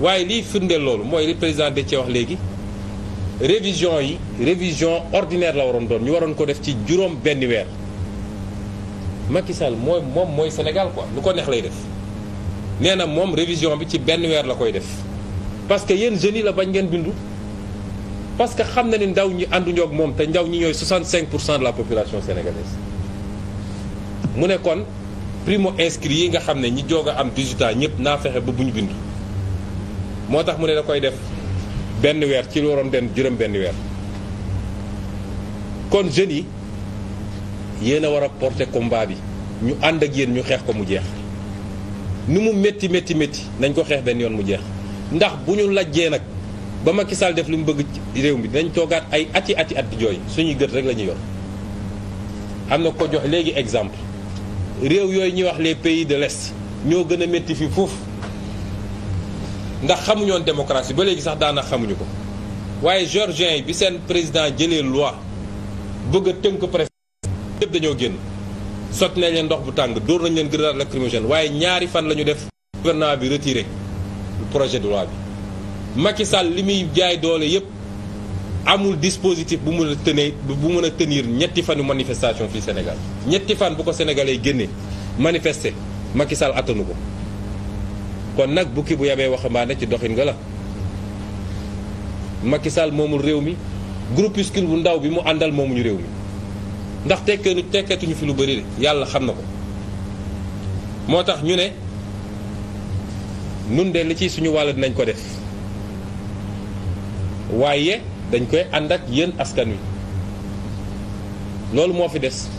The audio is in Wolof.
waaye lii firndeel loolu mooy li président Déthié wax léegi révision yi révision ordinaire la waroon doon ñu waroon ko def ci juróom benn weer Macky Sall moom mooy Sénégal quoi lu ko neex lay def nee na moom révision bi ci benn weer la koy def parce que yéen jeunes yi la bañ ngeen bindu parce que xam na ni ndaw ñi ànduñoo ak moom te ndaw ñi ñooy 65 pour cent de la population sénégalaise mu ne kon primo inscrit yi nga xam ne ñi joog a am 18 ans ñëpp naa fexe ba bu ñu bindu moo tax mu ne da koy def benn weer ci lu waroon den juróom benn weer kon jeunes yi yéen a war a porter bi ñu ànd ak yéen ñu xeex ko mu jeex nu mu métti métti métti nañ ko xeex benn yoon mu jeex ndax bu ñu lajjee nag ba Macky Sall def li mu bëgg réew mi dañ toogaat ay ati ati at jooy suñuy gët rek la ñuy yor am na ko jox léegi exemple réew yooyu ñuy wax les pays de l'Est ñoo gën a métti fi fuuf ndax xamuñoon démocratie ba léegi sax daana xamuñu ko waaye géorgien yi bi seen président jëlee loi bëgg a tënk préfet yëpp dañoo génn sot nañ leen ndox bu tàng dóor nañ leen grenade lacrymogène waaye ñaari fan la ñu def gouvernement bi retiré projet de loi bi Macky Sall li muy jaay doole yëpp amul dispositif bu mën a tëne bu mën a tenir ñetti fanu manifestation fii Sénégal ñetti fan bu ko sénégalais génne manifester Macky Sall attanu ko kon nag bukki bu yabee waxambaane ci doxin nga la Macky moomul réew mi groupuscule bu ndaw bi mu àndal moomuñu réew mi ndax tekkeenu tekkeetuñu fi lu bëri yàlla xam na ko moo tax ñu ne nun de li ci suñu wàll dinañ ko def waaye dañ koy ànd ak yéen askan wi loolu moo fi des